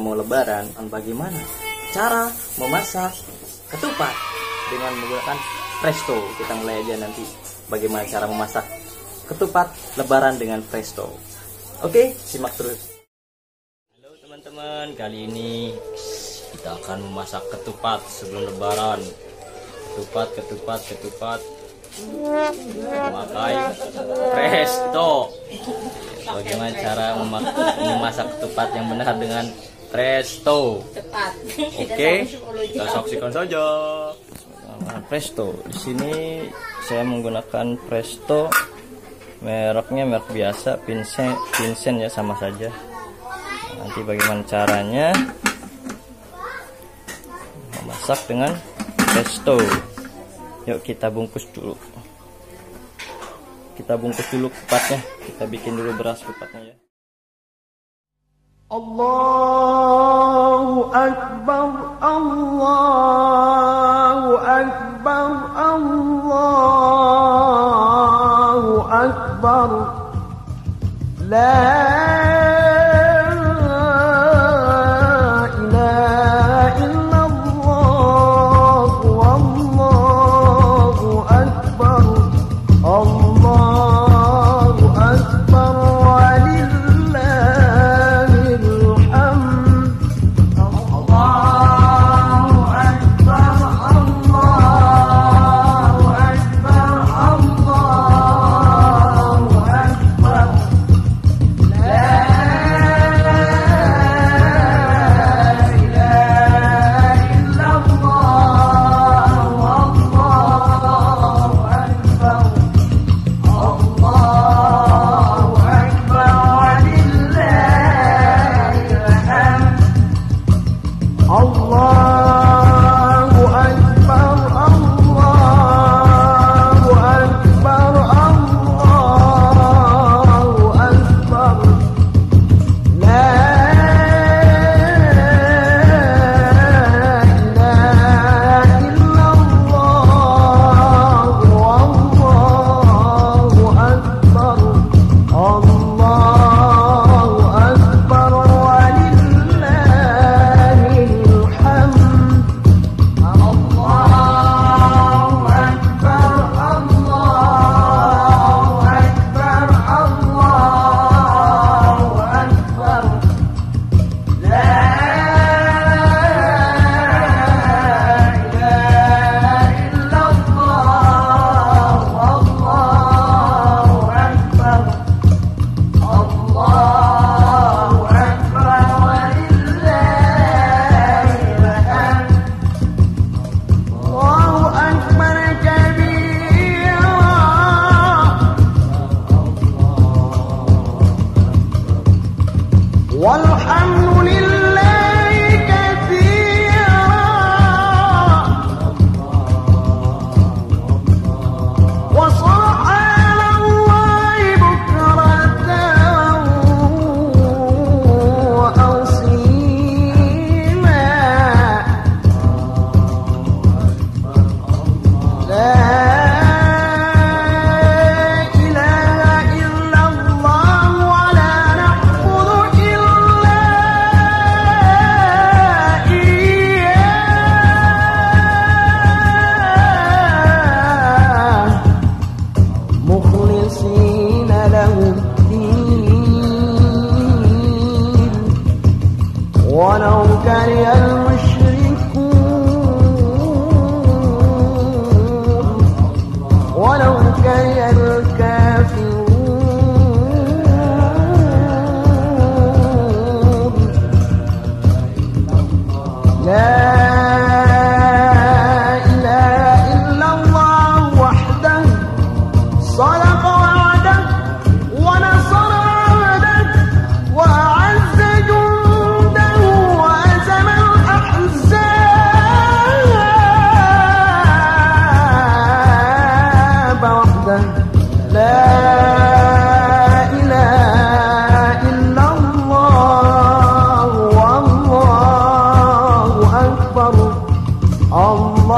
mau lebaran dan bagaimana cara memasak ketupat dengan menggunakan presto kita mulai aja nanti bagaimana cara memasak ketupat lebaran dengan presto oke simak terus halo teman-teman kali ini kita akan memasak ketupat sebelum lebaran ketupat ketupat ketupat memakai presto bagaimana cara memasak ketupat yang benar dengan Presto. Oke. Okay. Kita saksikan saja. Nah, presto. Di sini saya menggunakan Presto. Mereknya merek biasa, Vincent, Vincent ya sama saja. Nanti bagaimana caranya memasak dengan Presto. Yuk kita bungkus dulu. Kita bungkus dulu kupatnya. Kita bikin dulu beras kupatnya ya. Allah I'm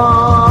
啊。